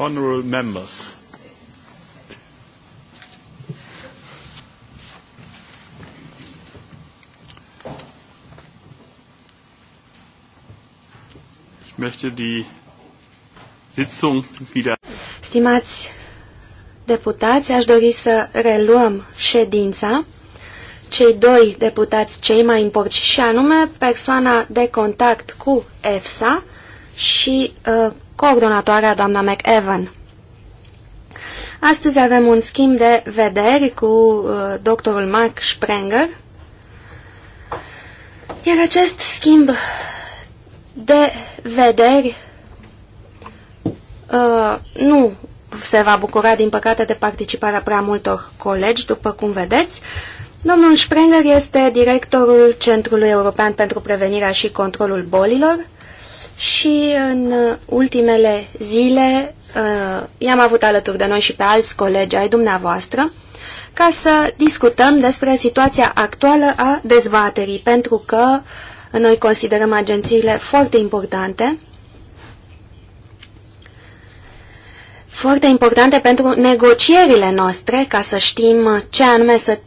honourable members. Ich möchte die Sitzung wieder. Stimați deputați, aș dori să reluăm ședința. Cei doi deputați cei mai importanti și anume persoana de contact cu EFSA și uh, coordonatoarea doamna McEvan. Astăzi avem un schimb de vederi cu uh, doctorul Mark Sprenger, iar acest schimb de vederi uh, nu se va bucura, din păcate, de participarea prea multor colegi, după cum vedeți. Domnul Sprenger este directorul Centrului European pentru Prevenirea și Controlul Bolilor, și în ultimele zile uh, i-am avut alături de noi și pe alți colegi ai dumneavoastră ca să discutăm despre situația actuală a dezbaterii, pentru că noi considerăm agențiile foarte importante, foarte importante pentru negocierile noastre, ca să știm ce anume să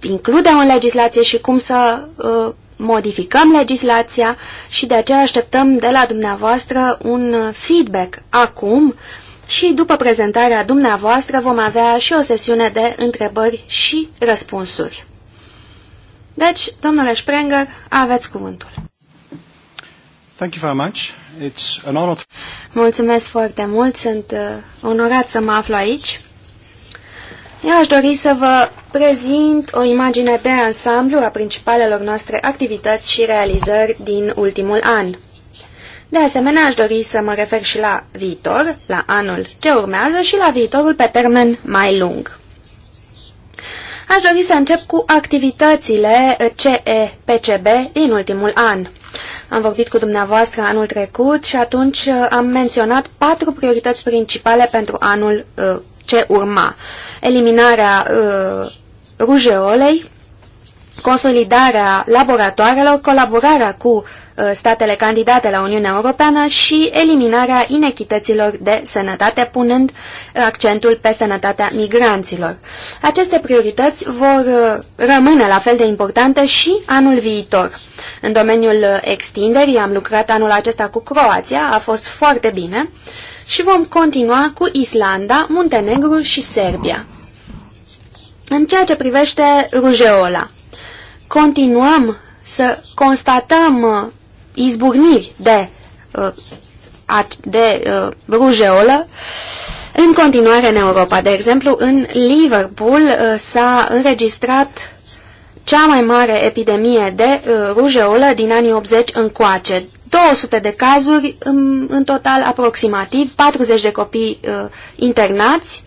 includem în legislație și cum să uh, modificăm legislația și de aceea așteptăm de la dumneavoastră un feedback acum și după prezentarea dumneavoastră vom avea și o sesiune de întrebări și răspunsuri. Deci, domnule Sprenger, aveți cuvântul. Thank you very much. It's an honor to... Mulțumesc foarte mult, sunt uh, onorat să mă aflu aici. Eu aș dori să vă prezint o imagine de ansamblu a principalelor noastre activități și realizări din ultimul an. De asemenea, aș dori să mă refer și la viitor, la anul ce urmează și la viitorul pe termen mai lung. Aș dori să încep cu activitățile CEPCB din ultimul an. Am vorbit cu dumneavoastră anul trecut și atunci am menționat patru priorități principale pentru anul uh, ce urma. Eliminarea uh, rujeolei, consolidarea laboratoarelor, colaborarea cu uh, statele candidate la Uniunea Europeană și eliminarea inechităților de sănătate, punând uh, accentul pe sănătatea migranților. Aceste priorități vor uh, rămâne la fel de importante și anul viitor. În domeniul uh, extinderii am lucrat anul acesta cu Croația, a fost foarte bine. Uh, și vom continua cu Islanda, Muntenegru și Serbia. În ceea ce privește rujeola, continuăm să constatăm uh, izbucniri de, uh, de uh, rujeolă în continuare în Europa. De exemplu, în Liverpool s-a înregistrat cea mai mare epidemie de rujeolă din anii 80 încoace, 200 de cazuri în, în total aproximativ, 40 de copii uh, internați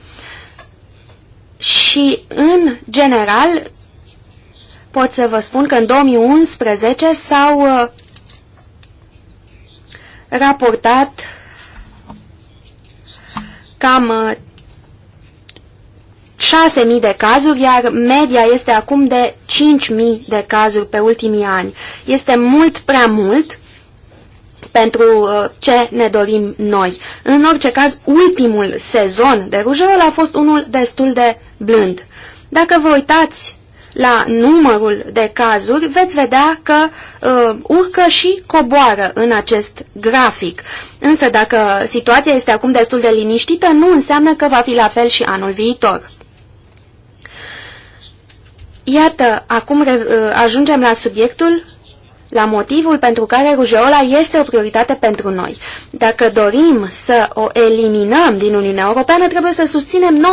și în general pot să vă spun că în 2011 s-au uh, raportat cam uh, 6.000 de cazuri, iar media este acum de 5.000 de cazuri pe ultimii ani. Este mult prea mult pentru uh, ce ne dorim noi. În orice caz, ultimul sezon de Rujerol a fost unul destul de blând. Dacă vă uitați la numărul de cazuri, veți vedea că uh, urcă și coboară în acest grafic. Însă dacă situația este acum destul de liniștită, nu înseamnă că va fi la fel și anul viitor. Iată, acum uh, ajungem la subiectul la motivul pentru care rujeola este o prioritate pentru noi. Dacă dorim să o eliminăm din Uniunea Europeană, trebuie să susținem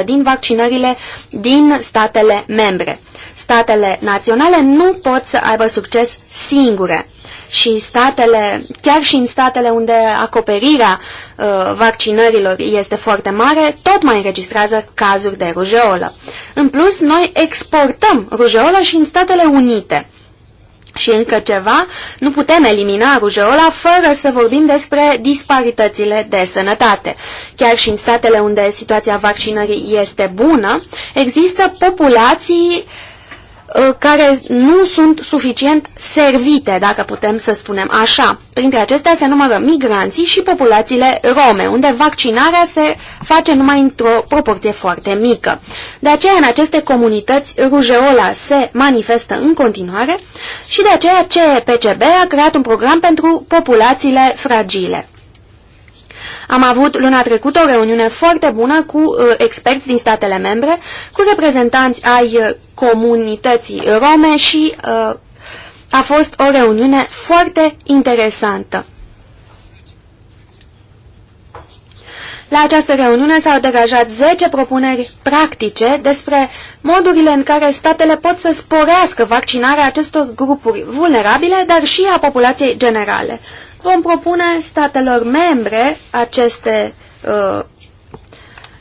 95% din vaccinările din statele membre. Statele naționale nu pot să aibă succes singure și statele, chiar și în statele unde acoperirea uh, vaccinărilor este foarte mare, tot mai înregistrează cazuri de rujeolă. În plus, noi exportăm rujeolă și în Statele Unite. Și încă ceva, nu putem elimina rujeola fără să vorbim despre disparitățile de sănătate. Chiar și în statele unde situația vaccinării este bună, există populații uh, Uh, care nu sunt suficient servite, dacă putem să spunem așa. Printre acestea se numără migranții și populațiile rome, unde vaccinarea se face numai într-o proporție foarte mică. De aceea, în aceste comunități, rujeola se manifestă în continuare și de aceea CPCB a creat un program pentru populațiile fragile. Am avut luna trecută o reuniune foarte bună cu uh, experți din statele membre, cu reprezentanți ai uh, comunității rome și uh, a fost o reuniune foarte interesantă. La această reuniune s-au degajat 10 propuneri practice despre modurile în care statele pot să sporească vaccinarea acestor grupuri vulnerabile, dar și a populației generale. Vom propune statelor membre aceste uh,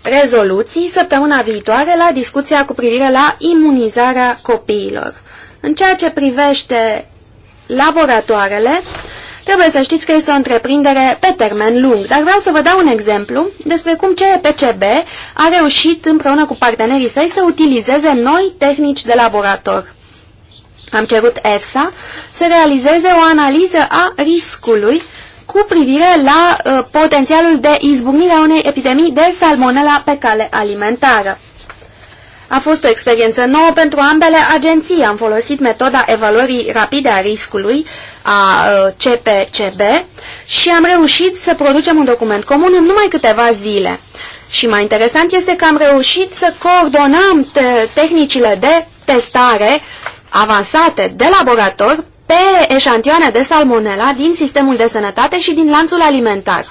rezoluții săptămâna viitoare la discuția cu privire la imunizarea copiilor. În ceea ce privește laboratoarele, trebuie să știți că este o întreprindere pe termen lung, dar vreau să vă dau un exemplu despre cum CEPCB a reușit împreună cu partenerii săi să utilizeze noi tehnici de laborator. Am cerut EFSA să realizeze o analiză a riscului cu privire la uh, potențialul de izbucnire a unei epidemii de salmonella pe cale alimentară. A fost o experiență nouă pentru ambele agenții. Am folosit metoda evaluării rapide a riscului a uh, CPCB și am reușit să producem un document comun în numai câteva zile. Și mai interesant este că am reușit să coordonăm tehnicile de testare avansate de laborator pe eșantioane de salmonela din sistemul de sănătate și din lanțul alimentar.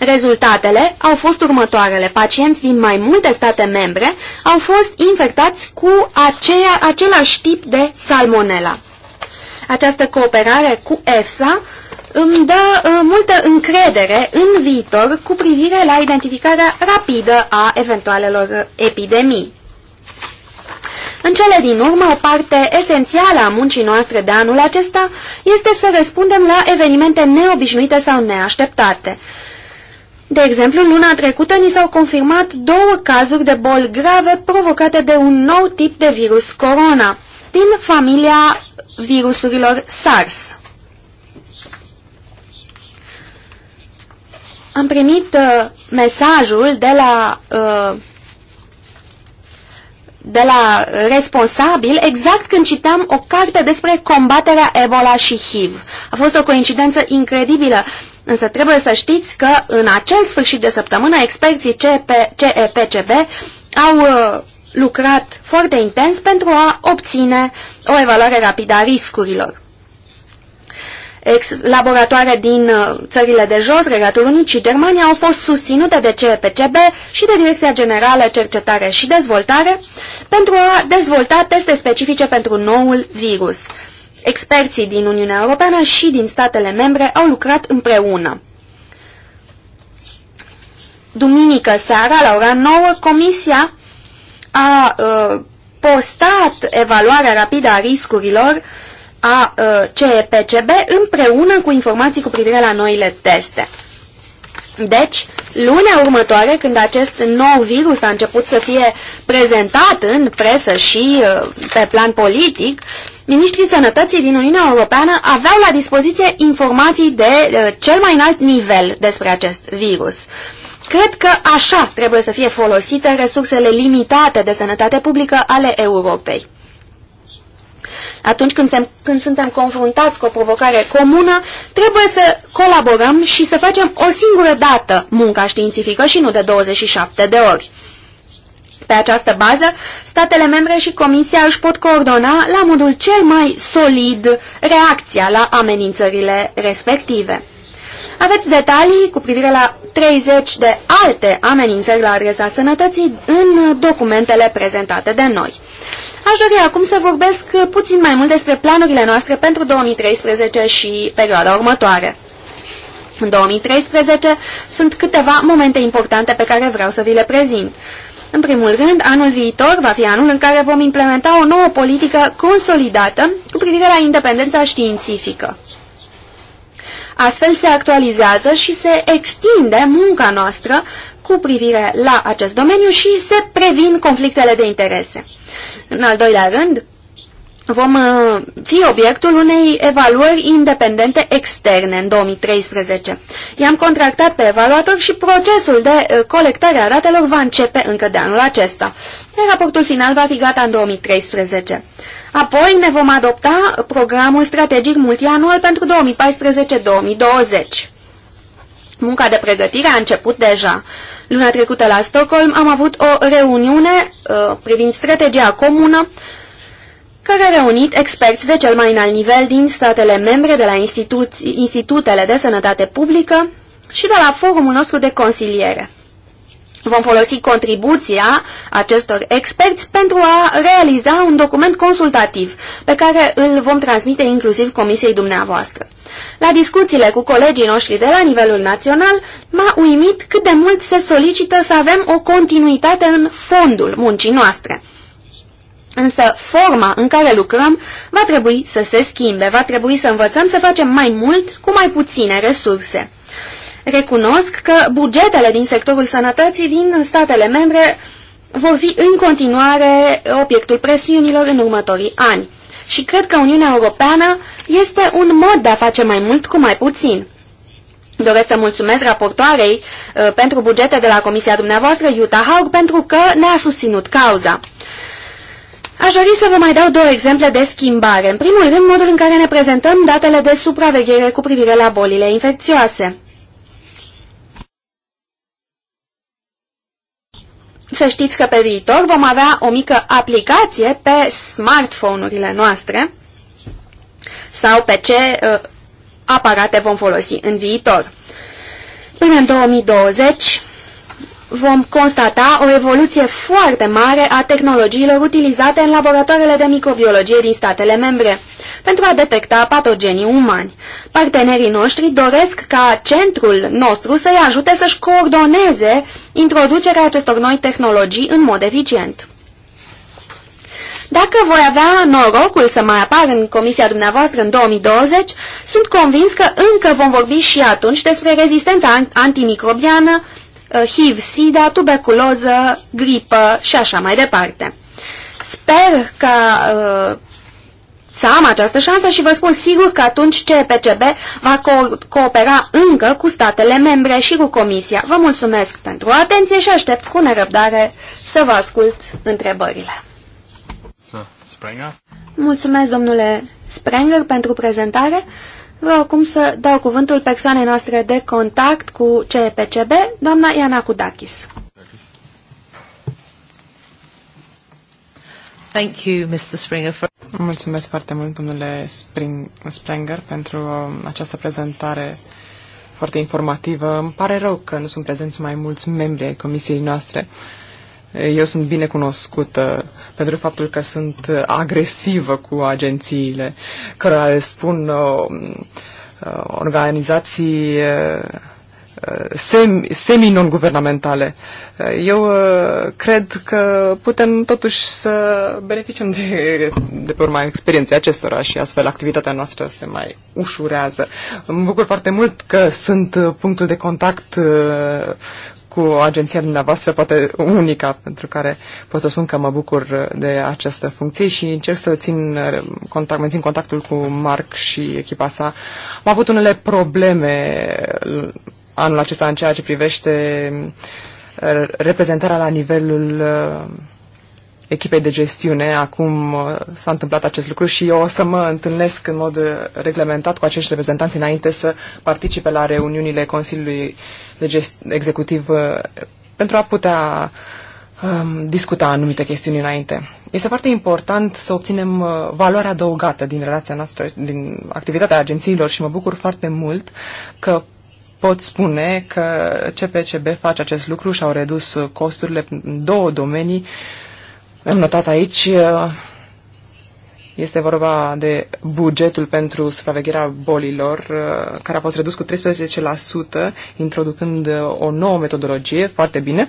Rezultatele au fost următoarele. Pacienți din mai multe state membre au fost infectați cu aceea, același tip de salmonela. Această cooperare cu EFSA îmi dă uh, multă încredere în viitor cu privire la identificarea rapidă a eventualelor epidemii. În cele din urmă, o parte esențială a muncii noastre de anul acesta este să răspundem la evenimente neobișnuite sau neașteptate. De exemplu, luna trecută ni s-au confirmat două cazuri de boli grave provocate de un nou tip de virus corona, din familia virusurilor SARS. Am primit uh, mesajul de la uh, de la responsabil exact când citeam o carte despre combaterea Ebola și HIV. A fost o coincidență incredibilă, însă trebuie să știți că în acel sfârșit de săptămână experții CEP, CEPCB au uh, lucrat foarte intens pentru a obține o evaluare rapidă a riscurilor laboratoare din uh, țările de jos, Regatul Unit și Germania au fost susținute de CEPCB și de Direcția Generală Cercetare și Dezvoltare pentru a dezvolta teste specifice pentru noul virus. Experții din Uniunea Europeană și din statele membre au lucrat împreună. Duminică seara, la ora 9, Comisia a uh, postat evaluarea rapidă a riscurilor uh, a ă, CEPCB împreună cu informații cu privire la noile teste. Deci, lunea următoare, când acest nou virus a început să fie prezentat în presă și ă, pe plan politic, ministrii sănătății din Uniunea Europeană aveau la dispoziție informații de ă, cel mai înalt nivel despre acest virus. Cred că așa trebuie să fie folosite resursele limitate de sănătate publică ale Europei atunci când, se, când suntem confruntați cu o provocare comună, trebuie să colaborăm și să facem o singură dată munca științifică și nu de 27 de ori. Pe această bază, statele membre și Comisia își pot coordona la modul cel mai solid reacția la amenințările respective. Aveți detalii cu privire la 30 de alte amenințări la adresa sănătății în documentele prezentate de noi. Aș dori acum să vorbesc puțin mai mult despre planurile noastre pentru 2013 și perioada următoare. În 2013 sunt câteva momente importante pe care vreau să vi le prezint. În primul rând, anul viitor va fi anul în care vom implementa o nouă politică consolidată cu privire la independența științifică. Astfel se actualizează și se extinde munca noastră cu privire la acest domeniu și se previn conflictele de interese. În al doilea rând, vom uh, fi obiectul unei evaluări independente externe în 2013. I-am contractat pe evaluator și procesul de uh, colectare a datelor va începe încă de anul acesta, iar raportul final va fi gata în 2013. Apoi ne vom adopta programul strategic multianual pentru 2014-2020. Munca de pregătire a început deja. Luna trecută la Stockholm am avut o reuniune uh, privind strategia comună care a reunit experți de cel mai înalt nivel din statele membre de la institutele de sănătate publică și de la forumul nostru de consiliere. Vom folosi contribuția acestor experți pentru a realiza un document consultativ pe care îl vom transmite inclusiv comisiei dumneavoastră. La discuțiile cu colegii noștri de la nivelul național m-a uimit cât de mult se solicită să avem o continuitate în fondul muncii noastre. Însă forma în care lucrăm va trebui să se schimbe, va trebui să învățăm să facem mai mult cu mai puține resurse. Recunosc că bugetele din sectorul sănătății din statele membre vor fi în continuare obiectul presiunilor în următorii ani și cred că Uniunea Europeană este un mod de a face mai mult cu mai puțin. Doresc să mulțumesc raportoarei uh, pentru bugete de la Comisia dumneavoastră, Iuta Haug, pentru că ne-a susținut cauza. Aș dori să vă mai dau două exemple de schimbare. În primul rând, modul în care ne prezentăm datele de supraveghere cu privire la bolile infecțioase. Să știți că pe viitor vom avea o mică aplicație pe smartphone-urile noastre sau pe ce uh, aparate vom folosi în viitor. Până în 2020 vom constata o evoluție foarte mare a tehnologiilor utilizate în laboratoarele de microbiologie din statele membre pentru a detecta patogenii umani. Partenerii noștri doresc ca centrul nostru să-i ajute să-și coordoneze introducerea acestor noi tehnologii în mod eficient. Dacă voi avea norocul să mai apar în comisia dumneavoastră în 2020, sunt convins că încă vom vorbi și atunci despre rezistența antimicrobiană, Uh, HIV, SIDA, tuberculoză, gripă și așa mai departe. Sper că uh, să am această șansă și vă spun sigur că atunci CPCB va co coopera încă cu statele membre și cu Comisia. Vă mulțumesc pentru atenție și aștept cu nerăbdare să vă ascult întrebările. Sprenger. Mulțumesc, domnule Sprenger, pentru prezentare. Vreau acum să dau cuvântul persoanei noastre de contact cu CEPCB, doamna Iana Kudakis. Thank you, Mr. Springer. For... Mulțumesc foarte mult, domnule Spring, Springer, pentru această prezentare foarte informativă. Îmi pare rău că nu sunt prezenți mai mulți membri ai comisiei noastre. Uh, eu sunt bine cunoscută pentru faptul că sunt agresivă cu agențiile, care le spun uh, uh organizații uh, semi-non-guvernamentale. Uh, eu uh, cred că putem totuși să beneficiem de, de pe urma experienței acestora și astfel activitatea noastră se mai ușurează. Mă bucur foarte mult că sunt punctul de contact cu agenția dumneavoastră, poate unica, pentru care pot să spun că mă bucur de această funcție și încerc să țin contact, mențin contactul cu Marc și echipa sa. Am avut unele probleme anul acesta în ceea ce privește reprezentarea la nivelul echipei de gestiune. Acum uh, s-a întâmplat acest lucru și eu o să mă întâlnesc în mod uh, reglementat cu acești reprezentanți înainte să participe la reuniunile Consiliului de gest- Executiv uh, pentru a putea um, discuta anumite chestiuni înainte. Este foarte important să obținem valoarea adăugată din relația noastră, din activitatea agențiilor și mă bucur foarte mult că pot spune că CPCB face acest lucru și au redus costurile în două domenii uh, am notat aici, este vorba de bugetul pentru supravegherea bolilor, care a fost redus cu 13%, introducând o nouă metodologie, foarte bine.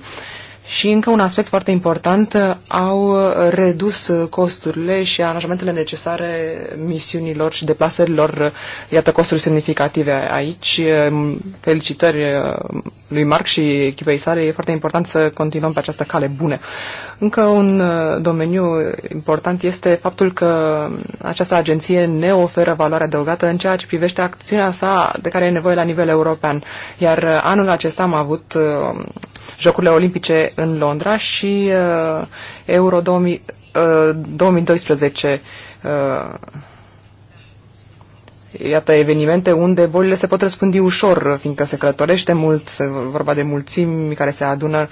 Și încă un aspect foarte important, au redus costurile și aranjamentele necesare misiunilor și deplasărilor, iată costuri semnificative aici. Felicitări lui Marc și echipei sale, e foarte important să continuăm pe această cale bună. Încă un domeniu important este faptul că această agenție ne oferă valoare adăugată în ceea ce privește acțiunea sa de care e nevoie la nivel european. Iar anul acesta am avut Jocurile Olimpice în Londra și uh, Euro 2000, uh, 2012. Uh, iată evenimente unde bolile se pot răspândi ușor, fiindcă se călătorește mult, se vorba de mulțimi care se adună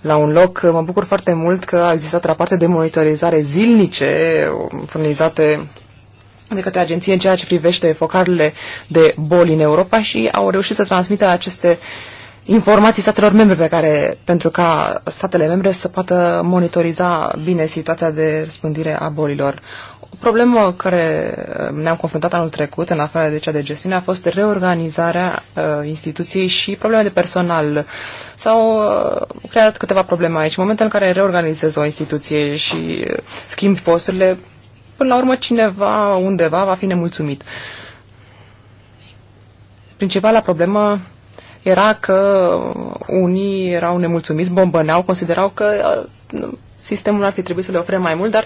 la un loc. Mă bucur foarte mult că a existat rapoarte de monitorizare zilnice furnizate de către agenție în ceea ce privește focarele de boli în Europa și au reușit să transmită aceste uh, informații statelor membre pe care, pentru ca statele membre să poată monitoriza bine situația de răspândire a bolilor. O problemă care ne-am confruntat anul trecut, în afară de cea de gestiune, a fost reorganizarea uh, instituției și probleme de personal. S-au uh, creat câteva probleme aici. În momentul în care reorganizezi o instituție și uh, schimbi posturile, până la urmă cineva undeva va fi nemulțumit. Principala problemă era că unii erau nemulțumiți, bombăneau, considerau că uh, sistemul ar fi trebuit să le ofere mai mult, dar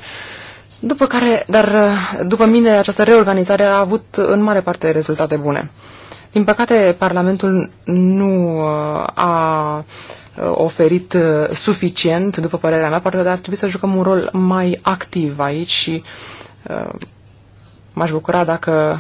după care, dar uh, după mine această reorganizare a avut în mare parte rezultate bune. Din păcate, Parlamentul nu uh, a oferit suficient, după părerea mea, poate ar trebui să jucăm un rol mai activ aici și m-aș bucura dacă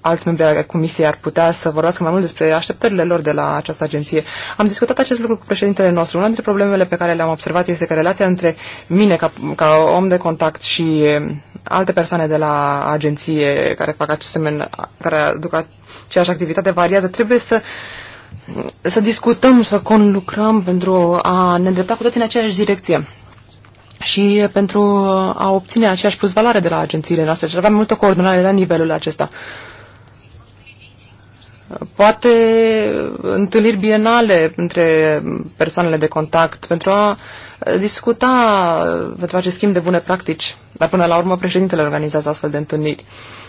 alți membri ai comisiei ar putea să vorbească mai mult despre așteptările lor de la această agenție. Am discutat acest lucru cu președintele nostru. Una dintre problemele pe care le-am observat este că relația între mine ca, ca om de contact și eh, alte persoane de la agenție care fac acest semen, care aduc aceeași activitate variază. Trebuie să să discutăm, să conlucrăm pentru a ne îndrepta cu toții în aceeași direcție și pentru a obține aceeași plus valoare de la agențiile noastre. Și deci avem multă coordonare la nivelul acesta. Poate întâlniri bienale între persoanele de contact pentru a discuta, pentru a face schimb de bune practici. Dar până la urmă președintele organizează astfel de întâlniri. Uh,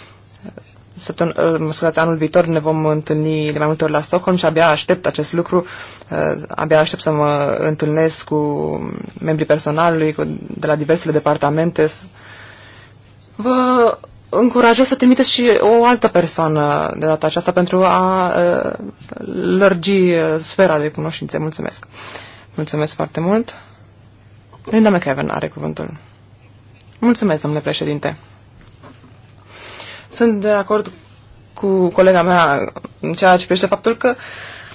săptămân, uh, mă scuzați, anul viitor ne vom întâlni de mai multe ori la Stockholm și abia aștept acest lucru, uh, abia aștept să mă întâlnesc cu membrii personalului cu, de la diversele departamente. Vă încurajez să trimiteți și o altă persoană de data aceasta pentru a uh, lărgi sfera de cunoștințe. Mulțumesc! Mulțumesc foarte mult! Linda McEwen are cuvântul. Mulțumesc, domnule președinte! Sunt de acord cu colega mea în ceea ce privește faptul că,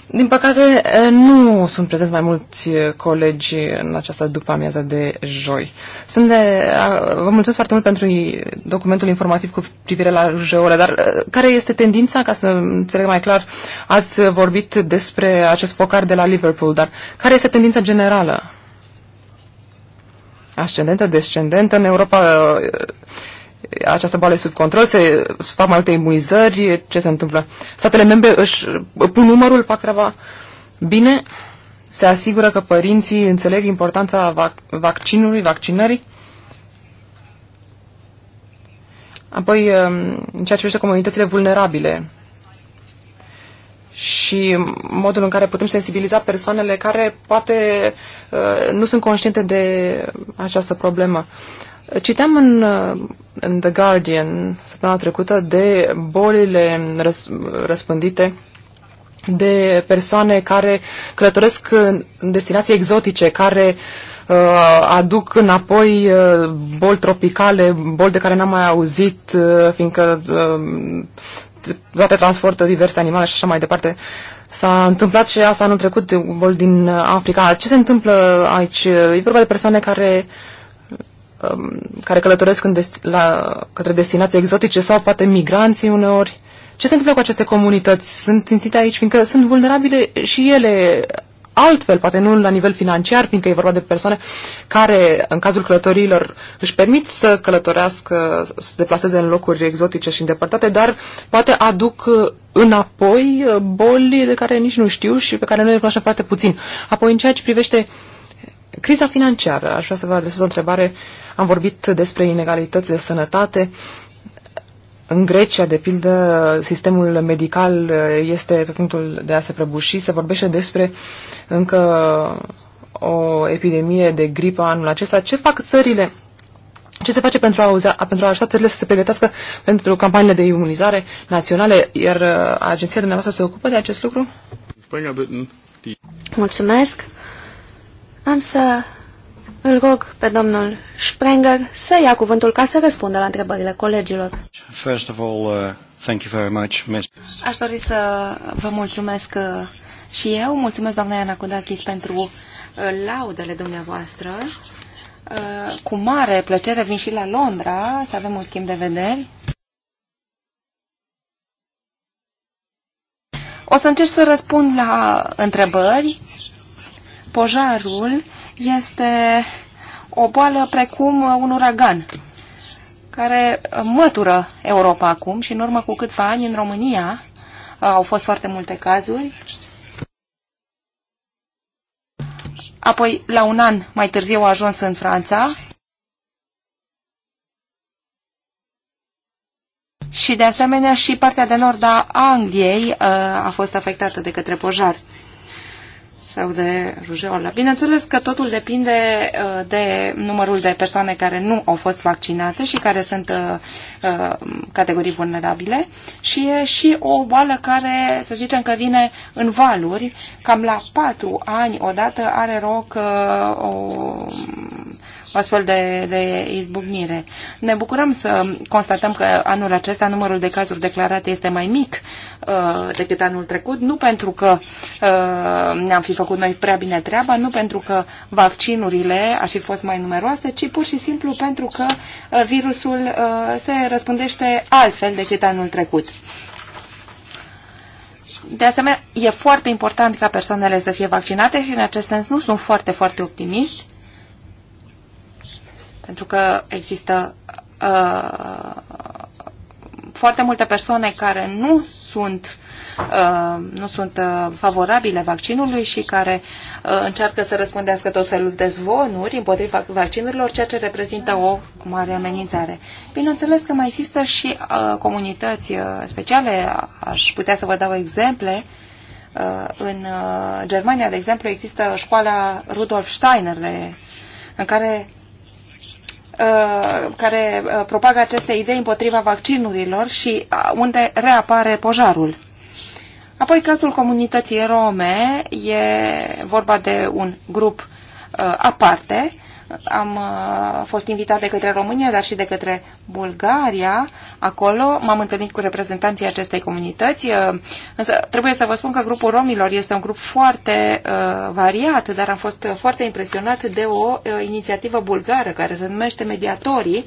din păcate, nu sunt prezenți mai mulți colegi în această după amiază de joi. Sunt de, vă mulțumesc foarte mult pentru documentul informativ cu privire la rujeole, dar care este tendința, ca să înțeleg mai clar, ați vorbit despre acest focar de la Liverpool, dar care este tendința generală? Ascendentă, descendentă, în Europa această boală sub control, se fac mai multe imunizări, ce se întâmplă? Statele membre își pun numărul, fac treaba bine, se asigură că părinții înțeleg importanța vac- vaccinului, vaccinării. Apoi, um, în ceea ce privește comunitățile vulnerabile și modul în care putem sensibiliza persoanele care poate uh, nu sunt conștiente de această problemă. Citeam în, în The Guardian săptămâna trecută de bolile răs, răspândite de persoane care călătoresc în destinații exotice, care uh, aduc înapoi uh, boli tropicale, boli de care n-am mai auzit, uh, fiindcă uh, toate transportă diverse animale și așa mai departe. S-a întâmplat și asta anul trecut, boli din Africa. Ce se întâmplă aici? E vorba de persoane care uh, Um, care călătoresc în desti- la, către destinații exotice sau poate migranții uneori. Ce se întâmplă cu aceste comunități? Sunt simțite aici fiindcă sunt vulnerabile și ele altfel, poate nu la nivel financiar, fiindcă e vorba de persoane care, în cazul călătorilor, își permit să călătorească, să se deplaseze în locuri exotice și îndepărtate, dar poate aduc uh, înapoi uh, boli de care nici nu știu și pe care noi le cunoaștem foarte puțin. Apoi, în ceea ce privește uh, Criza financiară, aș vrea să vă adresez o întrebare. Am vorbit despre inegalități de sănătate. În Grecia, de pildă, sistemul medical eh, este pe punctul de a se prăbuși. Se vorbește despre încă o epidemie de gripă anul acesta. Ce fac țările ce se face pentru a, uza, pentru a ajuta țările să se pregătească pentru campaniile de imunizare naționale, iar eh, agenția dumneavoastră se ocupă de acest lucru? Păi, Mulțumesc. Am să îl rog pe domnul Sprenger să ia cuvântul ca să răspundă la întrebările colegilor. First of all, uh, thank you very much, Mrs. Aș dori să vă mulțumesc uh, și eu. Mulțumesc, doamna Iana Kudakis, pentru uh, laudele dumneavoastră. Uh, cu mare plăcere vin și la Londra să avem un schimb de vederi. O să încerc să răspund la întrebări pojarul este o boală precum un uragan care mătură Europa acum și în urmă cu câțiva ani în România uh, au fost foarte multe cazuri. Apoi, la un an mai târziu, a ajuns în Franța. Și, de asemenea, și partea de nord a Angliei uh, a fost afectată de către pojar sau de rujeolă. Bineînțeles că totul depinde uh, de numărul de persoane care nu au fost vaccinate și care sunt uh, uh, categorii vulnerabile și e și o boală care, să zicem că vine în valuri, cam la patru ani odată are roc. o o astfel de, de izbucnire. Ne bucurăm să constatăm că anul acesta numărul de cazuri declarate este mai mic uh, decât anul trecut, nu pentru că uh, ne-am fi făcut noi prea bine treaba, nu pentru că vaccinurile ar fi fost mai numeroase, ci pur și simplu pentru că uh, virusul uh, se răspândește altfel decât anul trecut. De asemenea, e foarte important ca persoanele să fie vaccinate și în acest sens nu sunt foarte, foarte optimist. Pentru că există uh, foarte multe persoane care nu sunt uh, nu sunt uh, favorabile vaccinului și care uh, încearcă să răspândească tot felul de zvonuri împotriva vaccinurilor, ceea ce reprezintă o mare amenințare. Bineînțeles că mai există și uh, comunități uh, speciale, aș putea să vă dau exemple. Uh, în Germania, de exemplu, există școala Rudolf Steiner de, în care Uh, care uh, propagă aceste idei împotriva vaccinurilor și uh, unde reapare pojarul. Apoi cazul comunității rome e vorba de un grup aparte am uh, fost invitat de către România, dar și de către Bulgaria. Acolo m-am întâlnit cu reprezentanții acestei comunități. Uh, însă trebuie să vă spun că grupul romilor este un grup foarte uh, variat, dar am fost foarte impresionat de o inițiativă bulgară care se numește Mediatorii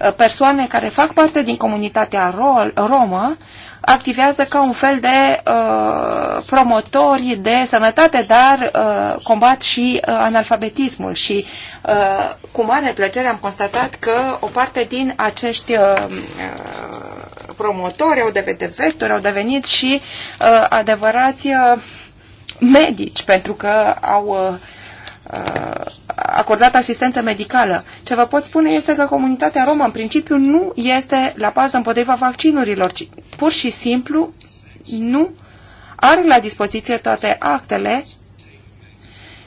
Uh, persoane care fac parte din comunitatea romă activează ca un fel de uh, promotori de sănătate, dar uh, combat și uh, analfabetismul și uh, cu mare plăcere am constatat că o parte din acești uh, uh promotori au devenit vectori, au devenit și uh, adevărați uh, medici, pentru că au uh, Uh, acordat asistență medicală. Ce vă pot spune este că comunitatea romă, în principiu, nu este la pază împotriva vaccinurilor, ci pur și simplu nu are la dispoziție toate actele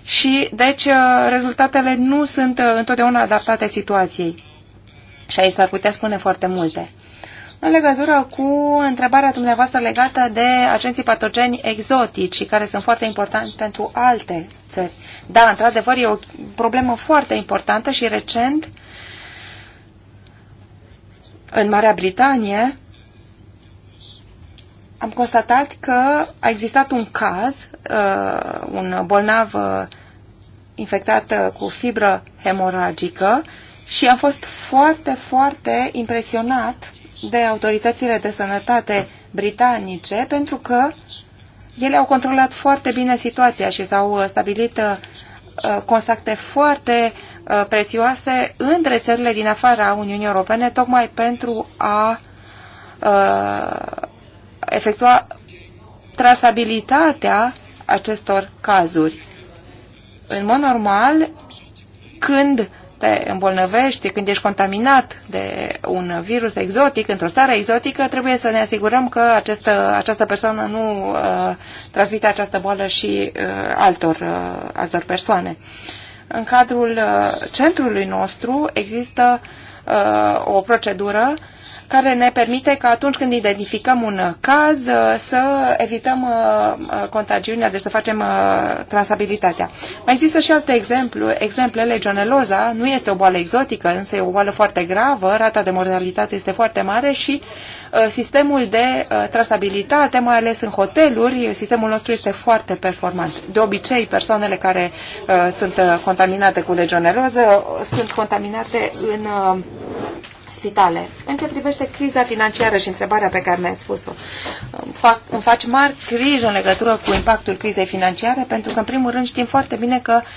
și, deci, uh, rezultatele nu sunt uh, întotdeauna adaptate situației. Și aici s-ar putea spune foarte multe în legătură cu întrebarea dumneavoastră legată de agenții patogeni exotici care sunt foarte importanti pentru alte țări. Da, într-adevăr, e o problemă foarte importantă și recent în Marea Britanie am constatat că a existat un caz, uh, un bolnav uh, infectat uh, cu fibră hemoragică și am fost foarte, foarte impresionat de autoritățile de sănătate britanice pentru că ele au controlat foarte bine situația și s-au uh, stabilit uh, uh, contacte foarte prețioase între țările din afara Uniunii Europene, tocmai pentru a efectua trasabilitatea acestor cazuri. În mod normal, când te îmbolnăvești, când ești contaminat de un virus exotic, într-o țară exotică, trebuie să ne asigurăm că această, această persoană nu uh, transmite această boală și uh, altor, uh, altor persoane. În cadrul uh, centrului nostru există uh, o procedură uh, care ne permite că atunci când identificăm un caz uh, să evităm uh, uh, contagiunea, deci să facem transabilitatea. Mai există și alte exemplu, exemple. Legioneloza nu este o boală exotică, însă e o boală foarte gravă, rata de mortalitate este foarte mare și sistemul de trasabilitate, mai ales în hoteluri, sistemul nostru este foarte performant. De obicei, persoanele care sunt contaminate cu legioneloză sunt contaminate în spitale. În ce privește criza financiară și întrebarea pe care mi-ai spus-o, fac, îmi faci mari griji în legătură cu impactul crizei financiare, pentru că, în primul rând, știm foarte bine că uh,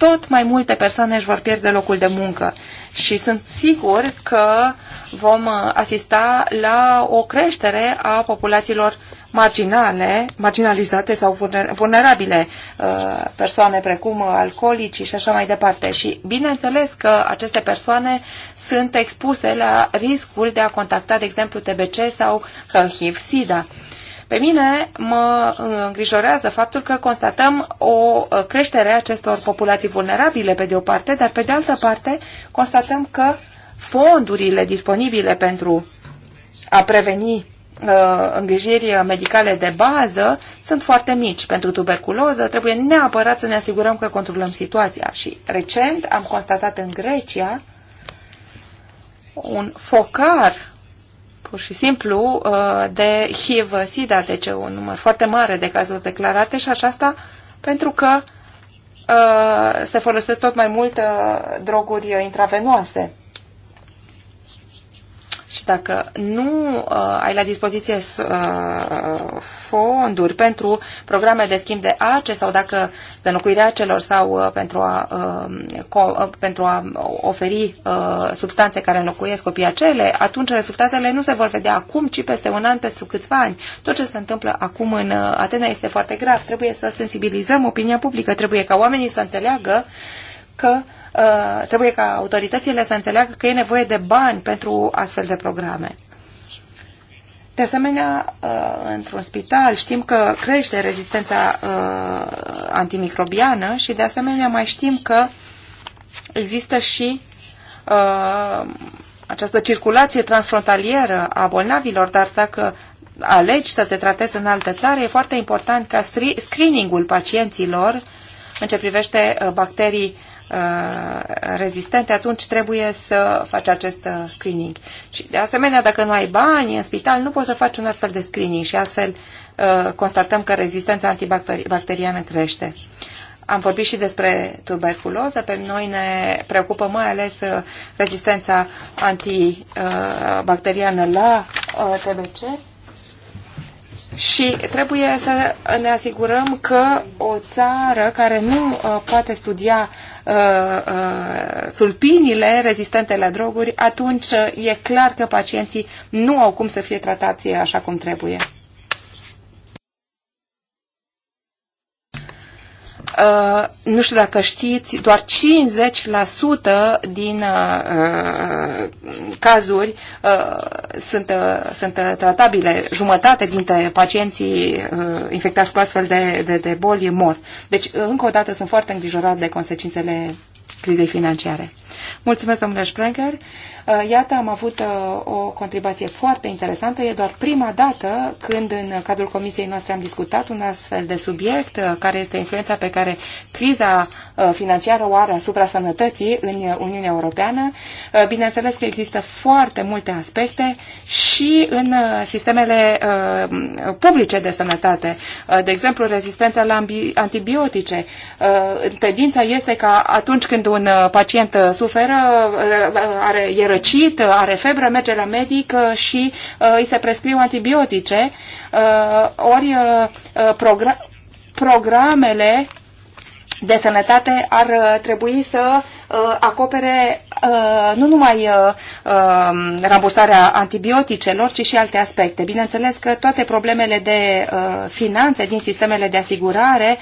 tot mai multe persoane își vor pierde locul de muncă și sunt sigur că vom uh, asista la o creștere a populațiilor marginale, marginalizate sau vulnerabile uh, persoane precum alcoolici și așa mai departe. Și bineînțeles că aceste persoane sunt expuse la riscul de a contacta, de exemplu, TBC sau HIV-SIDA. Pe mine mă îngrijorează faptul că constatăm o creștere a acestor populații vulnerabile, pe de o parte, dar pe de altă parte constatăm că fondurile disponibile pentru a preveni uh, îngrijiri medicale de bază sunt foarte mici. Pentru tuberculoză trebuie neapărat să ne asigurăm că controlăm situația. Și recent am constatat în Grecia un focar pur și simplu uh, de HIV-SIDA, deci un număr foarte mare de cazuri declarate și aceasta pentru că uh, se folosesc tot mai mult uh, droguri intravenoase. Și dacă nu uh, ai la dispoziție uh, fonduri pentru programe de schimb de ace sau dacă de locuirea celor sau uh, pentru, a, uh, co, uh, pentru a oferi uh, substanțe care înlocuiesc copii acele, atunci rezultatele nu se vor vedea acum, ci peste un an, peste câțiva ani. Tot ce se întâmplă acum în uh, Atena este foarte grav. Trebuie să sensibilizăm opinia publică, trebuie ca oamenii să înțeleagă uh, că uh, trebuie ca autoritățile să înțeleagă că e nevoie de bani pentru astfel de programe. De asemenea, uh, într-un spital știm că crește rezistența uh, antimicrobiană și de asemenea mai știm că există și uh, această circulație transfrontalieră a bolnavilor, dar dacă alegi să te tratezi în altă țară, e foarte important ca screeningul pacienților în ce privește bacterii Uh, rezistente, atunci trebuie să faci acest uh, screening. Și de asemenea, dacă nu ai bani în spital, nu poți să faci un astfel de screening și astfel uh, constatăm că rezistența antibacteriană crește. Am vorbit și despre tuberculoză. Pe noi ne preocupă mai ales rezistența antibacteriană la TBC și trebuie să ne asigurăm că o țară care nu uh, poate studia uh, uh, tulpinile rezistente la droguri, atunci e clar că pacienții nu au cum să fie tratați așa cum trebuie. Uh, nu știu dacă știți, doar 50% din uh, uh, cazuri sunt, sunt tratabile. Jumătate dintre pacienții infectați cu astfel de, de, de boli mor. Deci, încă o dată, sunt foarte îngrijorat de consecințele crizei financiare. Mulțumesc, domnule Sprenger. Uh, iată, am avut uh, o contribuție foarte interesantă. E doar prima dată când în cadrul comisiei noastre am discutat un astfel de subiect, uh, care este influența pe care criza financiară o are asupra sănătății în Uniunea Europeană. Bineînțeles că există foarte multe aspecte și în sistemele publice de sănătate, de exemplu, rezistența la antibiotice. Tendința este ca atunci când un pacient suferă, uh, are, e răcit, are febră, merge la medic uh, și uh, îi se prescriu antibiotice, ori progra programele de sănătate ar trebui să acopere nu numai um, rambursarea antibioticelor, ci și alte aspecte. Bineînțeles că toate problemele de finanțe din sistemele de asigurare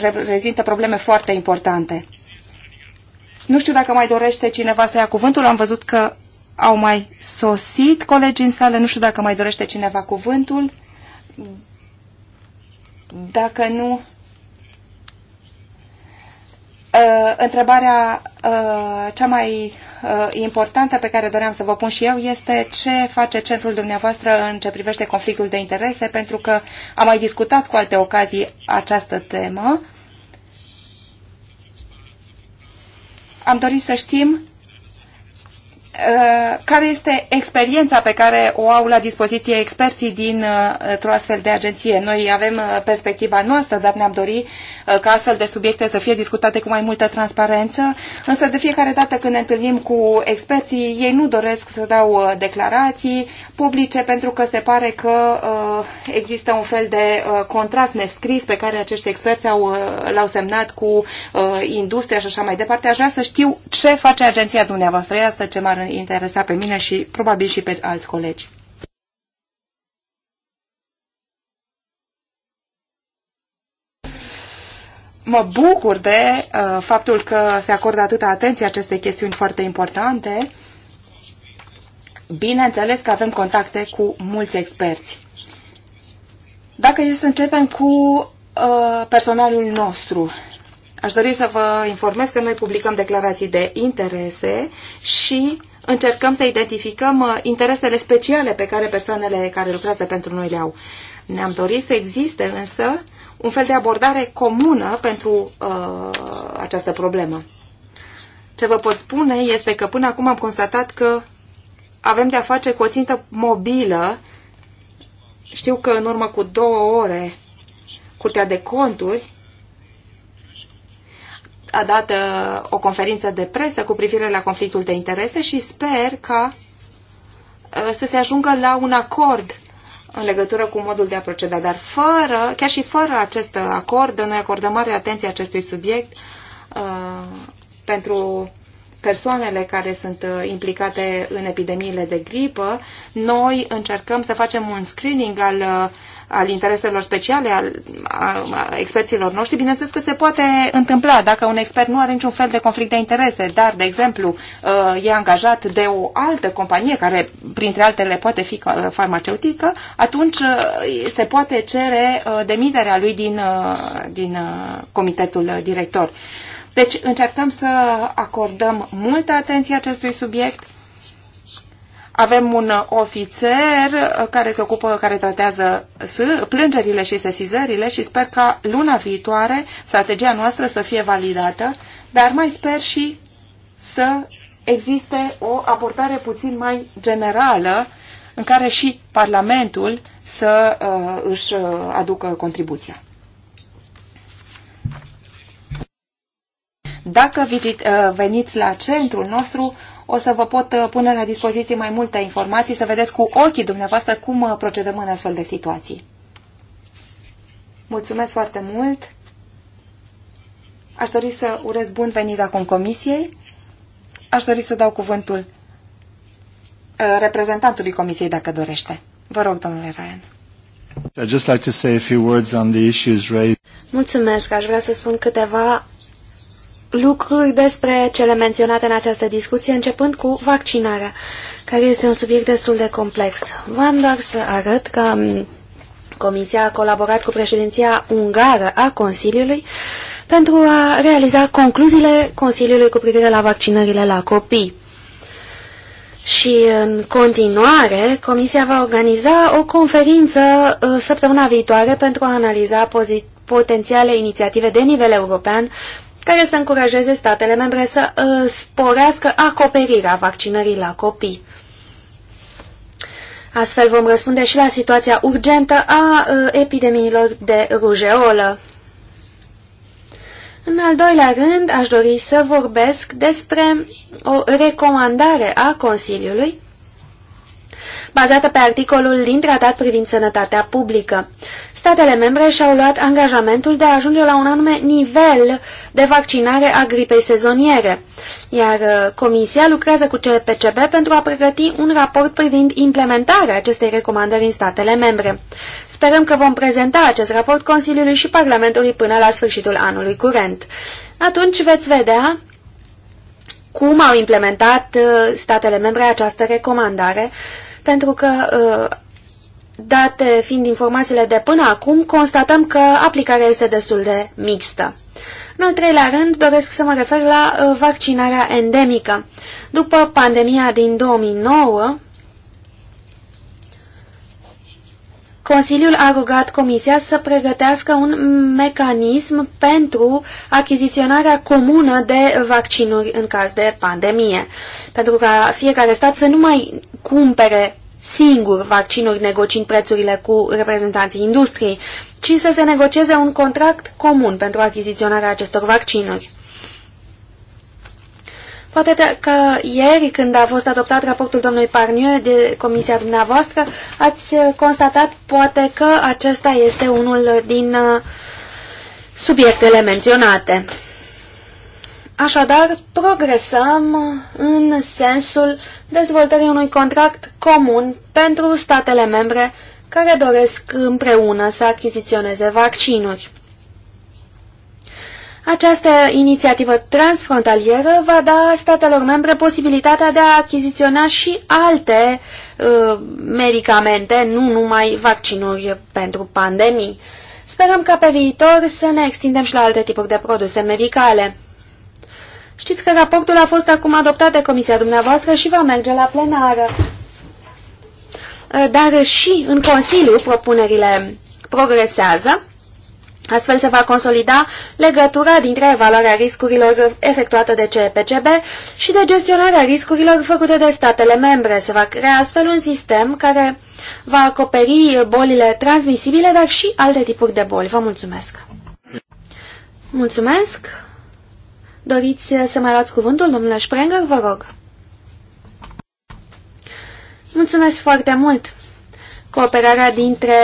reprezintă probleme foarte importante. Nu știu dacă mai dorește cineva să ia cuvântul. Am văzut că au mai sosit colegi în sală. Nu știu dacă mai dorește cineva cuvântul. Dacă nu... Uh, întrebarea uh, cea mai uh, importantă pe care doream să vă pun și eu este ce face centrul dumneavoastră în ce privește conflictul de interese, pentru că am mai discutat cu alte ocazii această temă Am dorit să știm Uh, care este experiența pe care o au la dispoziție experții din uh, o astfel de agenție. Noi avem uh, perspectiva noastră, dar ne-am dorit ca astfel de subiecte să fie discutate cu mai multă transparență, însă de fiecare dată când ne întâlnim cu experții, ei nu doresc să dau declarații publice pentru că se pare că există un fel de contract nescris pe care acești experți au, l-au semnat cu industria și așa mai departe. Aș vrea să știu ce face agenția dumneavoastră, iată ce m-ar interesa pe mine și probabil și pe alți colegi. Mă bucur de uh, faptul că se acordă atâta atenție acestei chestiuni foarte importante. Bineînțeles că avem contacte cu mulți experți. Dacă e să începem cu uh, personalul nostru, aș dori să vă informez că noi publicăm declarații de interese și încercăm să identificăm uh, interesele speciale pe care persoanele care lucrează pentru noi le au. Ne-am dorit să existe însă un fel de abordare comună pentru uh, această problemă. Ce vă pot spune este că până acum am constatat că avem de-a face cu o țintă mobilă. Știu că în urmă cu două ore Curtea de Conturi a dat uh, o conferință de presă cu privire la conflictul de interese și sper ca uh, să se ajungă la un acord în legătură cu modul de a proceda, dar fără, chiar și fără acest acord, noi acordăm mare atenție acestui subiect uh, pentru persoanele care sunt implicate în epidemiile de gripă. Noi încercăm să facem un screening al uh, al intereselor speciale al a, a experților noștri, bineînțeles că se poate întâmpla dacă un expert nu are niciun fel de conflict de interese, dar, de exemplu, ă, e angajat de o altă companie care, printre altele, poate fi ă, farmaceutică, atunci ă, se poate cere demiterea lui din, din comitetul director. Deci încercăm să acordăm multă atenție acestui subiect avem un ofițer care se ocupă, care tratează plângerile și sesizările și sper ca luna viitoare strategia noastră să fie validată, dar mai sper și să existe o aportare puțin mai generală în care și Parlamentul să uh, își uh, aducă contribuția. Dacă vizit, uh, veniți la centrul nostru, o să vă pot uh, pune la dispoziție mai multe informații, să vedeți cu ochii dumneavoastră cum uh, procedăm în astfel de situații. Mulțumesc foarte mult! Aș dori să urez bun venit acum comisiei. Aș dori să dau cuvântul uh, reprezentantului comisiei, dacă dorește. Vă rog, domnule Ryan. Mulțumesc, aș vrea să spun câteva lucruri despre cele menționate în această discuție, începând cu vaccinarea, care este un subiect destul de complex. V-am doar să arăt că mm, Comisia a colaborat cu președinția ungară a Consiliului pentru a realiza concluziile Consiliului cu privire la vaccinările la copii. Și în continuare, Comisia va organiza o conferință uh, săptămâna viitoare pentru a analiza pozitiv potențiale inițiative de nivel european care să încurajeze statele membre să uh, sporească acoperirea vaccinării la copii. Astfel vom răspunde și la situația urgentă a uh, epidemiilor de rujeolă. În al doilea rând, aș dori să vorbesc despre o recomandare a Consiliului bazată pe articolul din tratat privind sănătatea publică. Statele membre și-au luat angajamentul de a ajunge la un anume nivel de vaccinare a gripei sezoniere, iar uh, Comisia lucrează cu CPCB pentru a pregăti un raport privind implementarea acestei recomandări în statele membre. Sperăm că vom prezenta acest raport Consiliului și Parlamentului până la sfârșitul anului curent. Atunci veți vedea cum au implementat uh, statele membre această recomandare pentru că ă, date fiind informațiile de până acum, constatăm că aplicarea este destul de mixtă. În al treilea rând, doresc să mă refer la ă, vaccinarea endemică. După pandemia din 2009, Consiliul a rugat Comisia să pregătească un mecanism pentru achiziționarea comună de vaccinuri în caz de pandemie, pentru ca fiecare stat să nu mai cumpere singur vaccinuri negociind prețurile cu reprezentanții industriei, ci să se negocieze un contract comun pentru achiziționarea acestor vaccinuri. Poate că ieri, când a fost adoptat raportul domnului Parniu de comisia dumneavoastră, ați uh, constatat poate că acesta este unul din uh, subiectele menționate. Așadar, progresăm uh, în sensul dezvoltării unui contract comun pentru statele membre care doresc împreună să achiziționeze vaccinuri. Această inițiativă transfrontalieră va da statelor membre posibilitatea de a achiziționa și alte uh, medicamente, nu numai vaccinuri pentru pandemii. Sperăm ca pe viitor să ne extindem și la alte tipuri de produse medicale. Știți că raportul a fost acum adoptat de comisia dumneavoastră și va merge la plenară. Uh, dar și în Consiliu propunerile progresează Astfel se va consolida legătura dintre evaluarea riscurilor efectuată de CEPCB și de gestionarea riscurilor făcute de statele membre. Se va crea astfel un sistem care va acoperi bolile transmisibile, dar și alte tipuri de boli. Vă mulțumesc! Mulțumesc! Doriți să mai luați cuvântul, domnule Sprenger? Vă rog! Mulțumesc foarte mult! Cooperarea dintre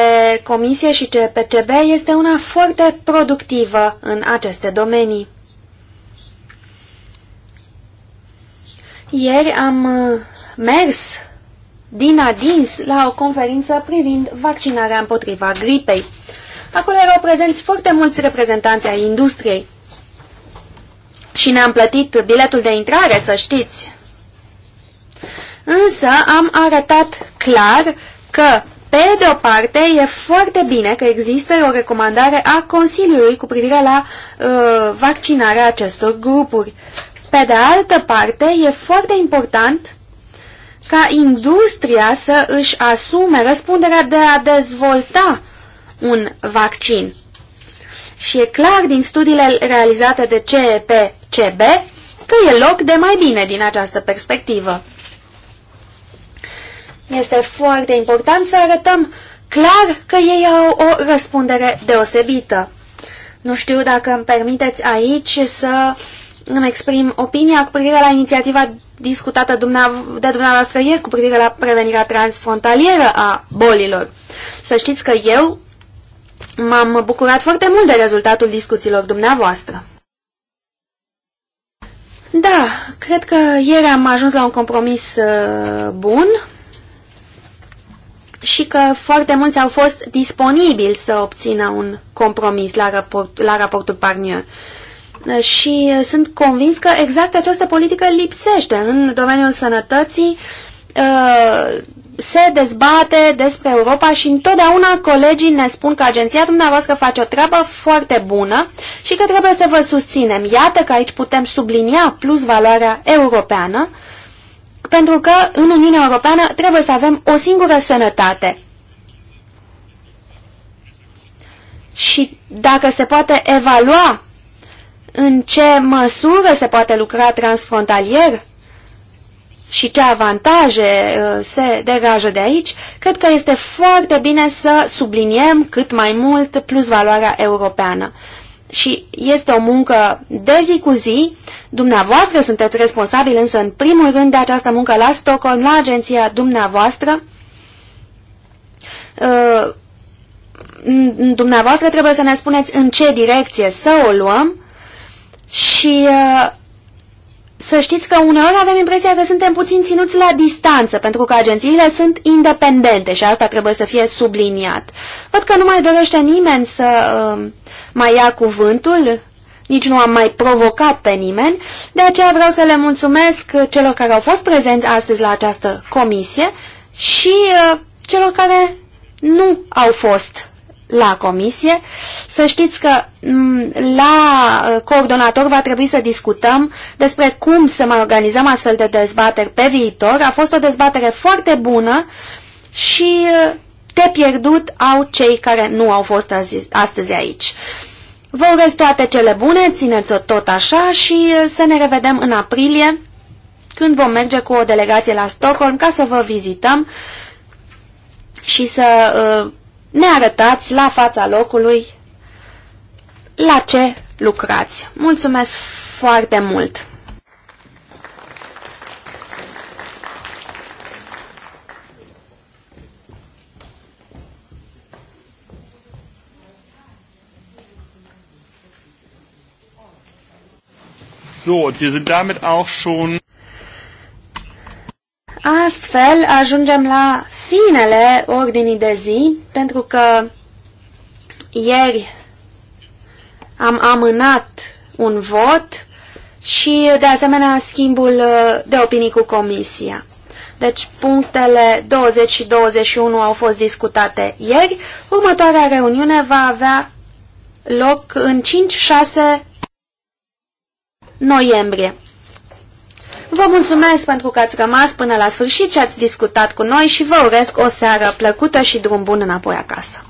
Comisie și CPCB este una foarte productivă în aceste domenii. Ieri am uh, mers din adins la o conferință privind vaccinarea împotriva gripei. Acolo erau prezenți foarte mulți reprezentanți ai industriei. Și ne-am plătit biletul de intrare, să știți. Însă am arătat clar că pe de o parte, e foarte bine că există o recomandare a Consiliului cu privire la uh, vaccinarea acestor grupuri. Pe de altă parte, e foarte important ca industria să își asume răspunderea de a dezvolta un vaccin. Și e clar din studiile realizate de CEPCB că e loc de mai bine din această perspectivă. Este foarte important să arătăm clar că ei au o răspundere deosebită. Nu știu dacă îmi permiteți aici să îmi exprim opinia cu privire la inițiativa discutată de dumneavoastră ieri cu privire la prevenirea transfrontalieră a bolilor. Să știți că eu m-am bucurat foarte mult de rezultatul discuțiilor dumneavoastră. Da, cred că ieri am ajuns la un compromis uh, bun și că foarte mulți au fost disponibili să obțină un compromis la, raport, la raportul Parnier. Și sunt convins că exact această politică lipsește în domeniul sănătății. Uh, se dezbate despre Europa și întotdeauna colegii ne spun că agenția dumneavoastră face o treabă foarte bună și că trebuie să vă susținem. Iată că aici putem sublinia plus valoarea europeană pentru că în Uniunea Europeană trebuie să avem o singură sănătate. Și dacă se poate evalua în ce măsură se poate lucra transfrontalier și ce avantaje uh, se degajă de aici, cred că este foarte bine să subliniem cât mai mult plus valoarea europeană și este o muncă de zi cu zi. Dumneavoastră sunteți responsabili însă în primul rând de această muncă la Stockholm, la agenția dumneavoastră. Uh, dumneavoastră trebuie să ne spuneți în ce direcție să o luăm și uh, să știți că uneori avem impresia că suntem puțin ținuți la distanță, pentru că agențiile sunt independente și asta trebuie să fie subliniat. Văd că nu mai dorește nimeni să uh, mai ia cuvântul, nici nu am mai provocat pe nimeni, de aceea vreau să le mulțumesc celor care au fost prezenți astăzi la această comisie și uh, celor care nu au fost la comisie. Să știți că mm, la uh, coordonator va trebui să discutăm despre cum să mai organizăm astfel de dezbateri pe viitor. A fost o dezbatere foarte bună și uh, de pierdut au cei care nu au fost azi, astăzi aici. Vă urez toate cele bune, țineți-o tot așa și uh, să ne revedem în aprilie când vom merge cu o delegație la Stockholm ca să vă vizităm și să uh, ne arătați la fața locului la ce lucrați. Mulțumesc foarte mult! So, und wir sind damit auch schon Astfel ajungem la finele ordinii de zi, pentru că ieri am amânat un vot și de asemenea schimbul uh, de opinii cu comisia. Deci punctele 20 și 21 au fost discutate ieri. Următoarea reuniune va avea loc în 5-6 noiembrie. Vă mulțumesc pentru că ați rămas până la sfârșit și ați discutat cu noi și vă urez o seară plăcută și drum bun înapoi acasă.